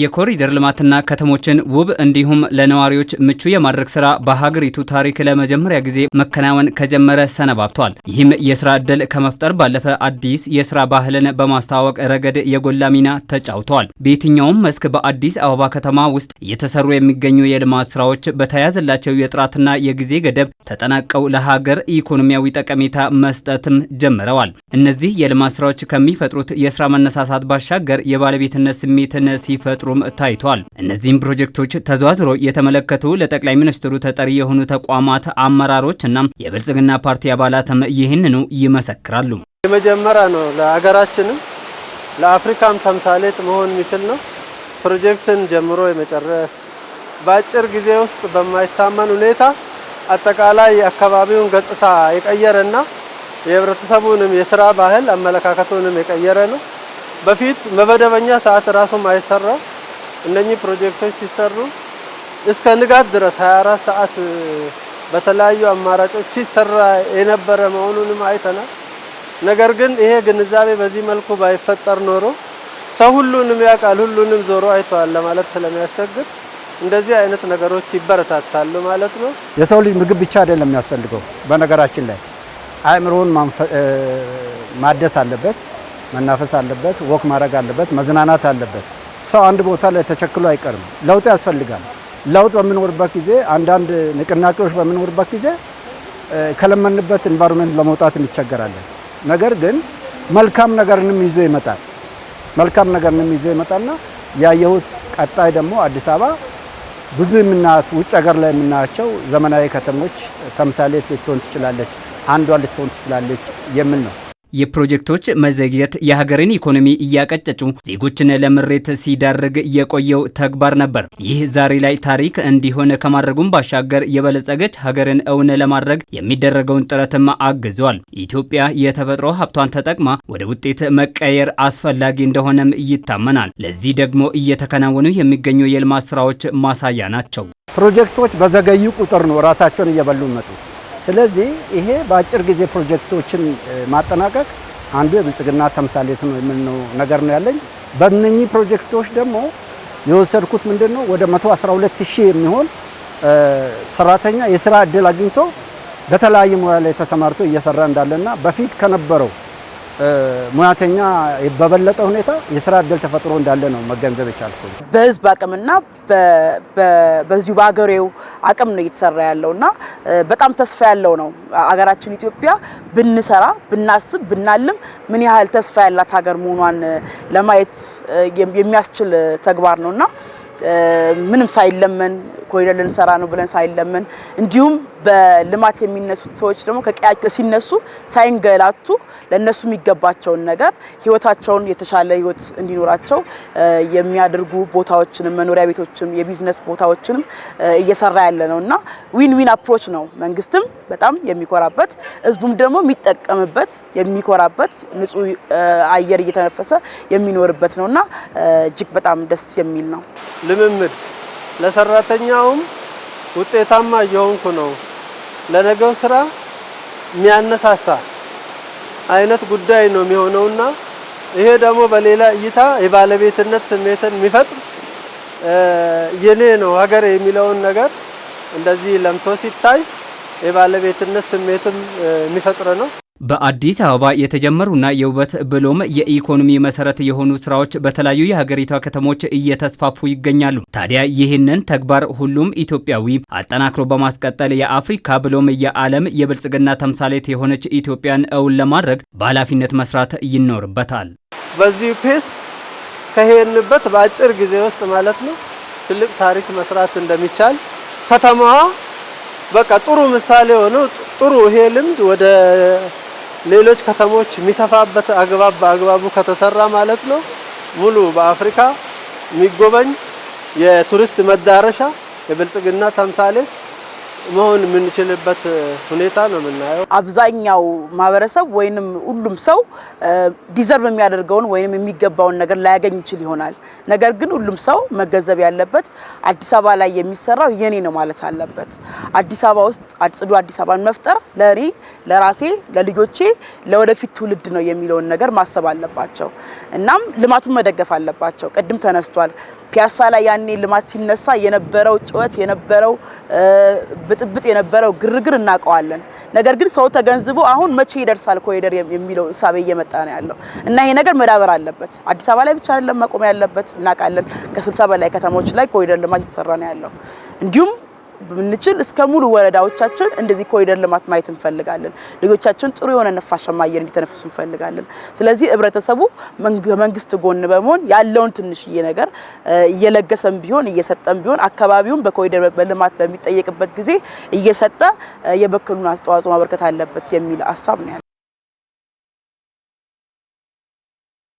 የኮሪደር ልማትና ከተሞችን ውብ እንዲሁም ለነዋሪዎች ምቹ የማድረግ ስራ በሀገሪቱ ታሪክ ለመጀመሪያ ጊዜ መከናወን ከጀመረ ሰነባብቷል። ይህም የስራ ዕድል ከመፍጠር ባለፈ አዲስ የስራ ባህልን በማስተዋወቅ ረገድ የጎላ ሚና ተጫውተዋል። በየትኛውም መስክ በአዲስ አበባ ከተማ ውስጥ እየተሰሩ የሚገኙ የልማት ስራዎች በተያዘላቸው የጥራትና የጊዜ ገደብ ተጠናቀው ለሀገር ኢኮኖሚያዊ ጠቀሜታ መስጠትም ጀምረዋል። እነዚህ የልማት ስራዎች ከሚፈጥሩት የስራ መነሳሳት ባሻገር የባለቤትነት ስሜትን ሲፈ ሲፈጥሩም ታይቷል። እነዚህም ፕሮጀክቶች ተዘዋዝሮ የተመለከቱ ለጠቅላይ ሚኒስትሩ ተጠሪ የሆኑ ተቋማት አመራሮች እና የብልጽግና ፓርቲ አባላትም ይህንኑ ይመሰክራሉ። የመጀመሪያ ነው። ለሀገራችንም ለአፍሪካም ተምሳሌት መሆን የሚችል ነው። ፕሮጀክትን ጀምሮ የመጨረስ በአጭር ጊዜ ውስጥ በማይታመን ሁኔታ አጠቃላይ የአካባቢውን ገጽታ የቀየረና የህብረተሰቡንም የስራ ባህል አመለካከቱንም የቀየረ ነው። በፊት በመደበኛ ሰዓት ራሱ ማይሰራ እነኚህ ፕሮጀክቶች ሲሰሩ እስከ ንጋት ድረስ 24 ሰዓት በተለያዩ አማራጮች ሲሰራ የነበረ መሆኑንም አይተናል። ነገር ግን ይሄ ግንዛቤ በዚህ መልኩ ባይፈጠር ኖሮ ሰው ሁሉንም ያውቃል፣ ሁሉንም ዞሮ አይተዋል ለማለት ስለሚያስቸግር እንደዚህ አይነት ነገሮች ይበረታታሉ ማለት ነው። የሰው ልጅ ምግብ ብቻ አይደለም የሚያስፈልገው። በነገራችን ላይ አእምሮውን ማደስ አለበት። መናፈስ አለበት፣ ወክ ማድረግ አለበት፣ መዝናናት አለበት። ሰው አንድ ቦታ ላይ ተቸክሎ አይቀርም። ለውጥ ያስፈልጋል። ለውጥ በምኖርበት ጊዜ አንዳንድ ንቅናቄዎች በምኖርበት ጊዜ ከለመንበት ኢንቫይሮንመንት ለመውጣት እንቸገራለን። ነገር ግን መልካም ነገርንም ይዞ ይመጣል። መልካም ነገርንም ይዞ ይመጣልና ያየሁት ቀጣይ ደግሞ አዲስ አበባ ብዙ የምናያት ውጭ ሀገር ላይ የምናያቸው ዘመናዊ ከተሞች ተምሳሌት ልትሆን ትችላለች፣ አንዷ ልትሆን ትችላለች የሚል ነው። የፕሮጀክቶች መዘግየት የሀገርን ኢኮኖሚ እያቀጨጩ ዜጎችን ለምሬት ሲዳርግ የቆየው ተግባር ነበር። ይህ ዛሬ ላይ ታሪክ እንዲሆን ከማድረጉም ባሻገር የበለጸገች ሀገርን እውን ለማድረግ የሚደረገውን ጥረትም አግዟል። ኢትዮጵያ የተፈጥሮ ሀብቷን ተጠቅማ ወደ ውጤት መቀየር አስፈላጊ እንደሆነም ይታመናል። ለዚህ ደግሞ እየተከናወኑ የሚገኙ የልማት ስራዎች ማሳያ ናቸው። ፕሮጀክቶች በዘገዩ ቁጥር ነው ራሳቸውን እየበሉ መጡ ስለዚህ ይሄ በአጭር ጊዜ ፕሮጀክቶችን ማጠናቀቅ አንዱ የብልጽግና ተምሳሌት ነው የምንነው ነገር ነው ያለኝ። በእነኚህ ፕሮጀክቶች ደግሞ የወሰድኩት ምንድን ነው ወደ 112 ሺህ የሚሆን ሰራተኛ የስራ እድል አግኝቶ በተለያየ ሙያ ላይ ተሰማርቶ እየሰራ እንዳለና በፊት ከነበረው ሙያተኛ በበለጠ ሁኔታ የስራ እድል ተፈጥሮ እንዳለ ነው መገንዘብ የቻልኩ። በህዝብ አቅምና በዚሁ በሀገሬው አቅም ነው እየተሰራ ያለው እና በጣም ተስፋ ያለው ነው። አገራችን ኢትዮጵያ ብንሰራ፣ ብናስብ፣ ብናልም ምን ያህል ተስፋ ያላት ሀገር መሆኗን ለማየት የሚያስችል ተግባር ነው እና ምንም ሳይለመን ኮሪደር ልንሰራ ነው ብለን ሳይለምን እንዲሁም በልማት የሚነሱት ሰዎች ደግሞ ከቀያቸው ሲነሱ ሳይንገላቱ ለእነሱ የሚገባቸውን ነገር ህይወታቸውን የተሻለ ህይወት እንዲኖራቸው የሚያደርጉ ቦታዎችንም መኖሪያ ቤቶችም የቢዝነስ ቦታዎችንም እየሰራ ያለ ነው እና ዊን ዊን አፕሮች ነው። መንግስትም በጣም የሚኮራበት ህዝቡም ደግሞ የሚጠቀምበት የሚኮራበት ንጹህ አየር እየተነፈሰ የሚኖርበት ነው እና እጅግ በጣም ደስ የሚል ነው ልምምድ ለሰራተኛውም ውጤታማ እየሆንኩ ነው፣ ለነገው ስራ የሚያነሳሳ አይነት ጉዳይ ነው የሚሆነውና ይሄ ደግሞ በሌላ እይታ የባለቤትነት ስሜትን የሚፈጥር የኔ ነው ሀገር የሚለውን ነገር እንደዚህ ለምቶ ሲታይ የባለቤትነት ስሜትም የሚፈጥር ነው። በአዲስ አበባ የተጀመሩና የውበት ብሎም የኢኮኖሚ መሰረት የሆኑ ስራዎች በተለያዩ የሀገሪቷ ከተሞች እየተስፋፉ ይገኛሉ። ታዲያ ይህንን ተግባር ሁሉም ኢትዮጵያዊ አጠናክሮ በማስቀጠል የአፍሪካ ብሎም የዓለም የብልጽግና ተምሳሌት የሆነች ኢትዮጵያን እውን ለማድረግ በኃላፊነት መስራት ይኖርበታል። በዚህ ፔስ ከሄንበት በአጭር ጊዜ ውስጥ ማለት ነው ትልቅ ታሪክ መስራት እንደሚቻል ከተማዋ በቃ ጥሩ ምሳሌ ሆነው ጥሩ ይሄ ልምድ ወደ ሌሎች ከተሞች የሚሰፋበት አግባብ በአግባቡ ከተሰራ ማለት ነው ሙሉ በአፍሪካ የሚጎበኝ የቱሪስት መዳረሻ የብልጽግና ተምሳሌት መሆን የምንችልበት ሁኔታ ነው የምናየው። አብዛኛው ማህበረሰብ ወይንም ሁሉም ሰው ዲዘርቭ የሚያደርገውን ወይንም የሚገባውን ነገር ላያገኝ ይችል ይሆናል። ነገር ግን ሁሉም ሰው መገንዘብ ያለበት አዲስ አበባ ላይ የሚሰራው የኔ ነው ማለት አለበት። አዲስ አበባ ውስጥ ጽዱ አዲስ አበባን መፍጠር ለእኔ ለራሴ፣ ለልጆቼ፣ ለወደፊት ትውልድ ነው የሚለውን ነገር ማሰብ አለባቸው። እናም ልማቱን መደገፍ አለባቸው። ቅድም ተነስቷል ፒያሳ ላይ ያኔ ልማት ሲነሳ የነበረው ጩኸት የነበረው ብጥብጥ የነበረው ግርግር እናውቀዋለን። ነገር ግን ሰው ተገንዝቦ አሁን መቼ ይደርሳል ኮሪደር የሚለው እሳቤ እየመጣ ነው ያለው እና ይሄ ነገር መዳበር አለበት። አዲስ አበባ ላይ ብቻ አይደለም መቆም ያለበት እናውቃለን። ከስልሳ በላይ ከተሞች ላይ ኮሪደር ልማት የተሰራ ነው ያለው እንዲሁም ብንችል እስከ ሙሉ ወረዳዎቻችን እንደዚህ ኮሪደር ልማት ማየት እንፈልጋለን። ልጆቻችን ጥሩ የሆነ ነፋሻማ አየር እንዲተነፍሱ እንፈልጋለን። ስለዚህ ህብረተሰቡ መንግስት ጎን በመሆን ያለውን ትንሽዬ ነገር እየለገሰም ቢሆን እየሰጠም ቢሆን አካባቢውን በኮሪደር በልማት በሚጠየቅበት ጊዜ እየሰጠ የበኩሉን አስተዋጽኦ ማበርከት አለበት የሚል ሀሳብ ነው ያለ